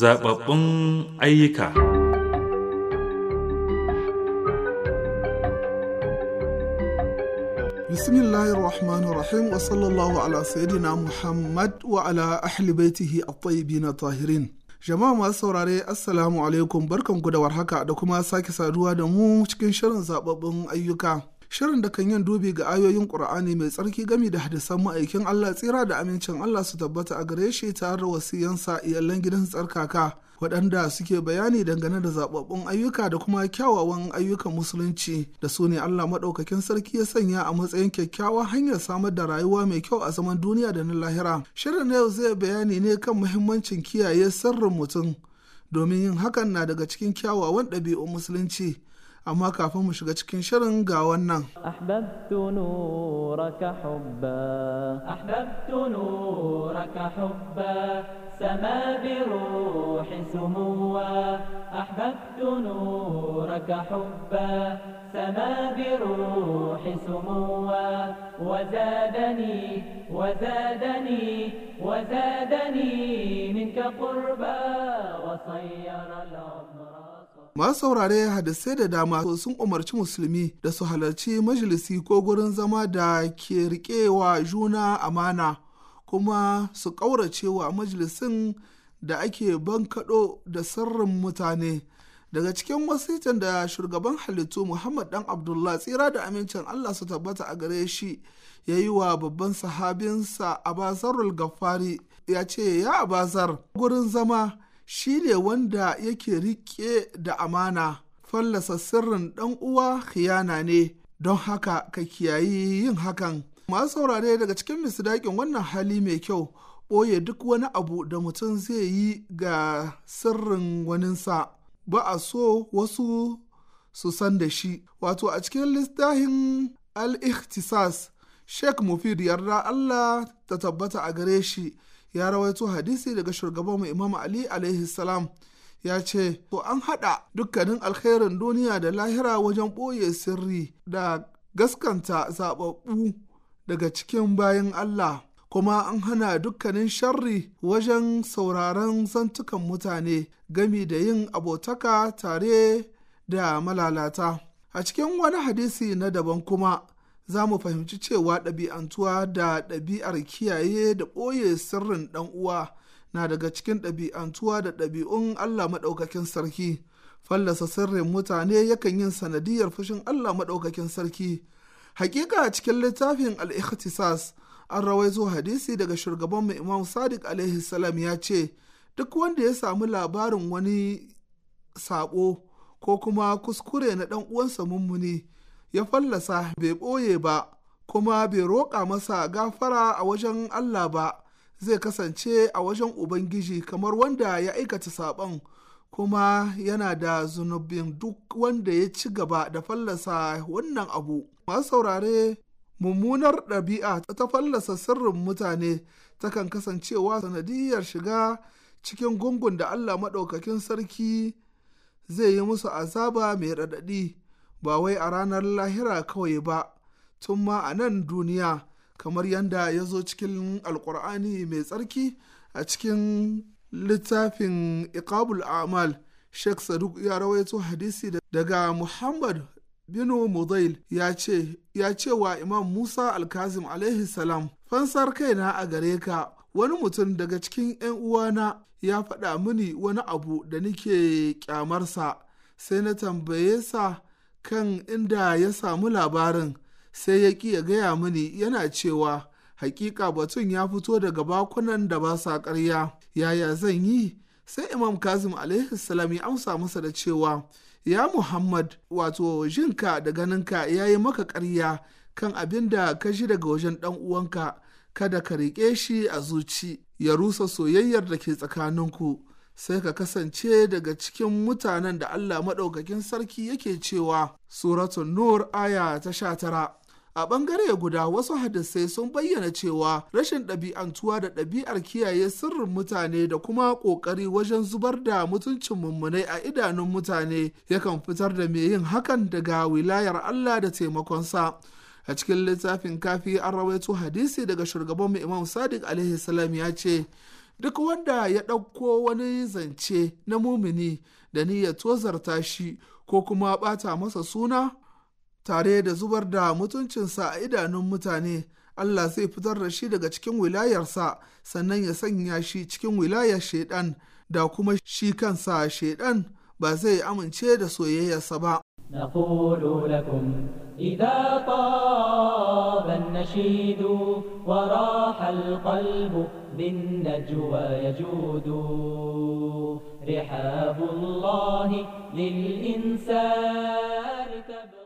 Zaɓaɓɓun ayyuka Bismillahir Rahmanir Rahim wa sallallahu ala Sayyidina Muhammad wa ala ahli baitihi at-tayyibin tahirin. Jama'a masu saurare Assalamu alaikum barkanku da warhaka da kuma sake saduwa da mu cikin shirin zaɓaɓɓun ayyuka. shirin da kan yin dubi ga ayoyin ƙur'ani mai tsarki gami da hadisan ma'aikin Allah tsira da amincin Allah su tabbata a gare shi tare da wasiyansa iyalan gidan tsarkaka waɗanda suke bayani dangane da zaɓaɓɓun ayyuka da kuma kyawawan ayyukan musulunci da su ne Allah maɗaukakin sarki ya sanya a matsayin kyakkyawa hanyar samar da rayuwa mai kyau a zaman duniya da na lahira. Shirin na yau zai bayani ne kan muhimmancin kiyaye sirrin mutum domin yin hakan na daga cikin kyawawan ɗabi'un musulunci amma kafin mu shiga cikin shirin ga wannan ahbabtu nuraka hubba ahbabtu nuraka hubba سما بروح سموا أحببت نورك حبا سما بروح سموا وزادني وزادني وزادني منك قربا وصير العمر masu saurare hadisai da dama sun umarci musulmi da su halarci majalisi ko gurin zama da ke riƙewa juna amana kuma su ƙauracewa majalisin da ake bankaɗo da sirrin mutane daga cikin wasitan da shugaban halittu muhammad dan abdullah tsira da amincin allah su tabbata a gare shi ya yi wa babban sahabinsa abazarul gafari ya ce ya abazar gurin zama shi ne wanda yake riƙe da amana fallasa sirrin ɗan uwa khiyana ne don haka ka kiyayi yin hakan masu saurare daga cikin misdaƙin wannan hali mai kyau ɓoye duk wani abu da mutum zai yi ga sirrin waninsa ba a so wasu su san da shi wato a cikin littafin al-ikhtisas sheikh mufid yarda allah ta tabbata a gare shi ya rawaito hadisi daga shugaban Imam Ali alaihi salam ya ce to an haɗa dukkanin alkhairin duniya da lahira wajen ɓoye sirri da gaskanta zaɓaɓɓu daga cikin bayan Allah kuma an hana dukkanin sharri wajen sauraron zantukan mutane gami da yin abotaka tare da malalata a cikin wani hadisi na daban kuma za mu fahimci cewa ɗabi'antuwa da ɗabi'ar kiyaye da ɓoye sirrin ɗan uwa na daga cikin ɗabi'antuwa da ɗabi'un Allah maɗaukakin sarki. Fallasa sirrin mutane yakan yin sanadiyar fushin Allah maɗaukakin sarki. Hakika cikin littafin al-ikhtisas an rawaito hadisi daga shugaban mu Imam Sadiq alaihi salam ya ce duk wanda ya samu labarin wani sabo ko kuma kuskure na ɗan uwansa mummuni ya fallasa bai ɓoye ba kuma bai roƙa masa gafara a wajen Allah ba zai kasance a wajen Ubangiji kamar wanda ya aikata saɓon kuma yana da zunubin duk wanda ya ci gaba da fallasa wannan abu. Masu saurare mummunar ɗabi'a ta fallasa sirrin mutane takan kasancewa sanadiyar shiga cikin gungun da Allah maɗaukakin sarki zai yi musu azaba mai raɗaɗi. ba wai a ranar lahira kawai ba tun ma a nan duniya kamar yadda ya zo cikin alkur'ani mai tsarki a cikin littafin iqabul amal sheikh saduk ya rawaito hadisi daga muhammad Bin mudail ya ce wa imam musa alkazim alaihi salam fansar kaina a gare ka wani mutum daga cikin 'yan uwana ya faɗa mini wani abu da nike kyamarsa sai na tambaye sa kan inda ya samu labarin sai ya ƙi ya gaya mini yana cewa hakika batun ya fito daga bakunan da ba sa ƙarya yaya zan yi sai imam kazim salam ya amsa masa da cewa ya muhammad wato jinka da ganinka ya yi maka ƙarya kan abin da ka ji daga wajen ɗan uwanka kada ka riƙe shi a zuci ya rusa soyayyar da ke tsakaninku sai ka kasance daga cikin mutanen da Allah maɗaukakin sarki yake cewa suratun nur aya ta sha tara a ɓangare guda wasu hadisai sun bayyana cewa rashin ɗabi'antuwa da ɗabi'ar kiyaye sirrin mutane da kuma ƙoƙari wajen zubar da mutuncin mummunai a idanun mutane yakan fitar da mai yin hakan daga wilayar Allah da taimakonsa a cikin littafin kafi an rawaito hadisi daga shugaban mu imam sadiq alaihi salam ya ce duk wanda ya ɗauko wani zance na mumini da niyyar tozarta shi ko kuma ɓata masa suna tare da zubar da mutuncinsa a idanun mutane Allah zai fitar da shi daga cikin wilayarsa sannan ya sanya shi cikin wilayar shaidan da kuma shi kansa shaidan ba zai amince da soyayyarsa ba نقول لكم إذا طاب النشيد وراح القلب بالنجوى يجود رحاب الله للإنسان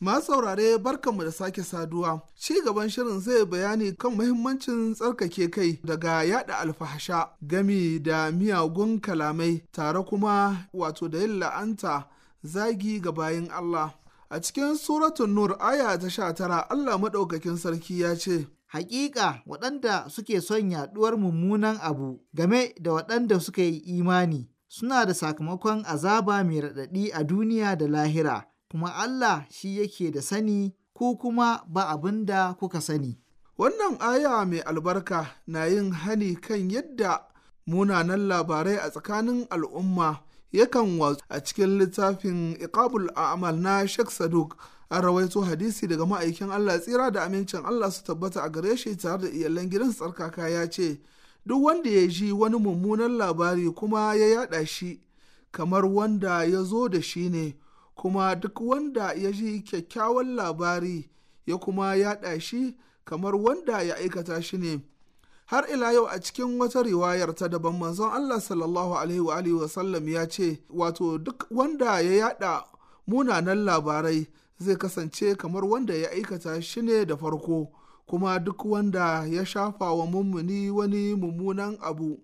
Masu saurare barkanmu da sake saduwa, ci gaban shirin zai bayani kan muhimmancin tsarkake kai daga yada alfahasha gami da miyagun kalamai tare kuma wato da yin la'anta zagi ga bayin Allah. A cikin suratun Nur aya ta sha tara Allah maɗaukakin sarki ya ce, Hakika waɗanda suke son yaɗuwar mummunan abu game da waɗanda suka yi imani suna da sakamakon azaba mai raɗaɗi a duniya da lahira, kuma Allah shi yake da sani ko kuma ba abin da kuka sani. Wannan aya mai albarka na yin hani kan yadda munanan labarai a tsakanin al'umma yakan watsu a cikin littafin iqabul a'mal na Sheikh Saduk an rawaito hadisi daga ma'aikin Allah tsira da amincin Allah su tabbata a gare shi tare da iyalan gidan tsarkaka ya ce duk wanda ya ji wani mummunan labari kuma ya yada shi kamar wanda ya zo da shi ne kuma duk wanda ya ji kyakkyawan labari ya kuma yada shi kamar wanda ya aikata shi ne har ila yau a cikin wata riwayar ta daban manzon Allah sallallahu alaihi wa alihi wasallam ya ce wato duk wanda ya yada munanan labarai zai kasance kamar wanda ya aikata shi ne da farko kuma duk wanda ya shafa wa mummuni wani mummunan abu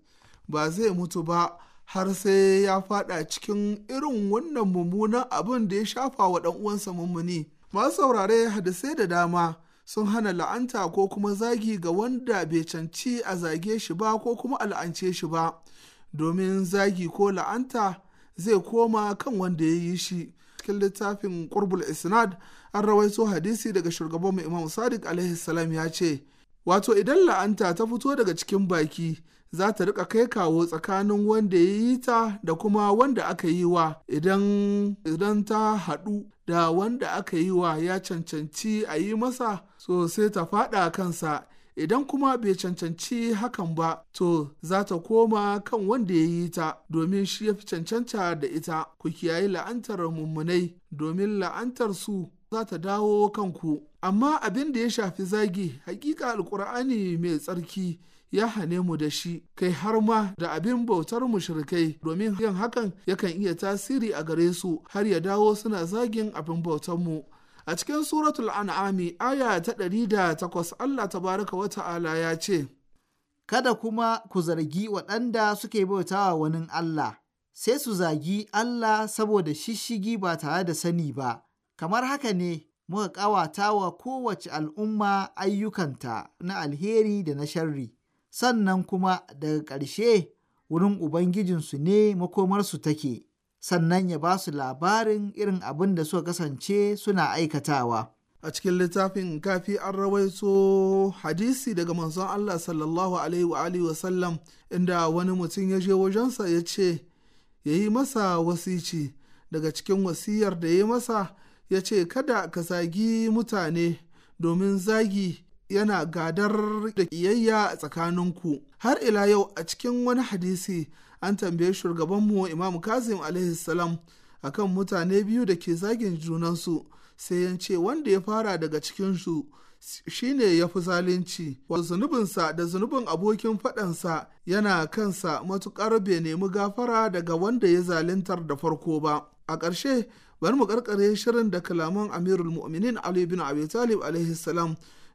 ba zai mutu ba har sai ya fada cikin irin wannan mummunan abin da ya shafa wa uwansa mummuni masu saurare hadisai da dama sun hana la'anta ko kuma zagi ga wanda bai canci a zage shi ba ko kuma al'ance shi ba domin zagi ko la'anta zai koma kan wanda ya yi shi cikin littafin ƙurbul isnad an rawaito hadisi daga shugaban imam sadiq alaihi salam ya ce wato idan la'anta ta fito daga cikin baki za ta rika kai kawo tsakanin wanda ya yi ta da kuma wanda aka yi wa idan ta haɗu da wanda aka yi wa ya cancanci a yi masa so sai ta faɗa kansa idan kuma bai cancanci hakan ba to za ta koma kan wanda ya yi ta domin shi ya fi cancanta da ita ku kiyayi la'antar mummunai domin la'antar su za ta dawo kanku amma abin da ya shafi zagi hakika alkur'ani mai tsarki ya hane mu da shi kai har ma da abin bautar mu mushrikai domin yin hakan yakan iya tasiri a gare su har ya dawo suna zagin abin bautar mu a cikin suratul an'ami aya ta ɗari da takwas Allah tabaraka wa ta'ala ya ce kada kuma ku zargi waɗanda suke bautawa wani Allah sai su zagi Allah saboda shishigi ba tare da sani ba kamar haka ne muka ƙawata wa kowace al'umma ayyukanta na alheri da na sharri sannan kuma daga ƙarshe wurin Ubangijinsu ne makomarsu take, sannan ya ba su labarin irin abin da suka kasance suna aikatawa. A cikin littafin kafi an rawaito hadisi daga manzon Allah sallallahu Alaihi wa inda wani mutum ya je wajensa ya ce, ya yi masa wasici daga cikin wasiyar da ya yi masa ya ce kada ka zagi mutane domin zagi yana gadar da kiyayya a tsakaninku har ila yau a cikin wani hadisi an tambaye shugabanmu imam kazim alaihi a kan mutane biyu da ke zagin junansu sai yan ce wanda ya fara daga cikinsu shine ya fi zalunci wa zunubinsa da zunubin abokin faɗansa yana kansa matuƙar bai nemi gafara daga wanda ya zaluntar da farko ba a ƙarshe bari mu ƙarƙare shirin da kalaman amirul mu'minin ali bin abi talib alaihi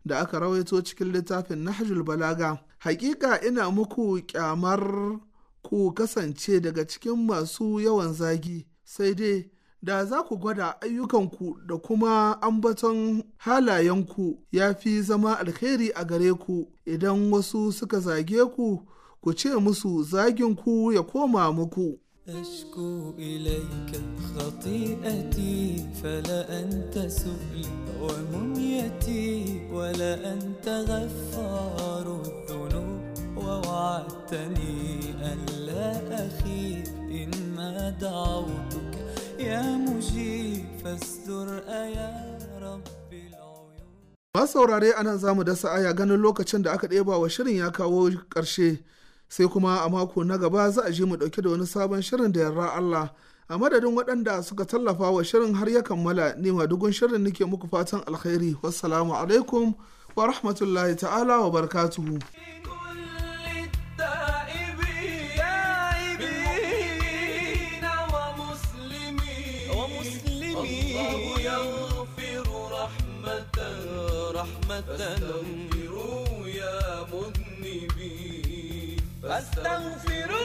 da aka rawaito cikin littafin Nahjul Balaga. Hakika ina muku kyamar ku kasance daga cikin masu yawan zagi, sai dai da za ku gwada ayyukanku da kuma ambaton halayenku ya fi zama alheri a gare ku idan wasu suka zage ku, ku ce musu zaginku ya koma muku. أشكو إليك خطيئتي فلا أنت سؤلي ومنيتي ولا أنت غفار الذنوب ووعدتني ألا أخيب إما دعوتك يا مجيب فاستر أيا رب العيون. saurare anan zamu dasa aya ganin lokacin da aka ɗeba wa shirin ya kawo ƙarshe sai kuma a mako na gaba za a je mu dauke da wani sabon shirin da yarra Allah a madadin waɗanda suka tallafa wa shirin har ya kammala ne madugun shirin nake muku fatan alkhairi wassalamu alaikum wa rahmatullahi ta'ala wa barakatuhu. رحمة Estão un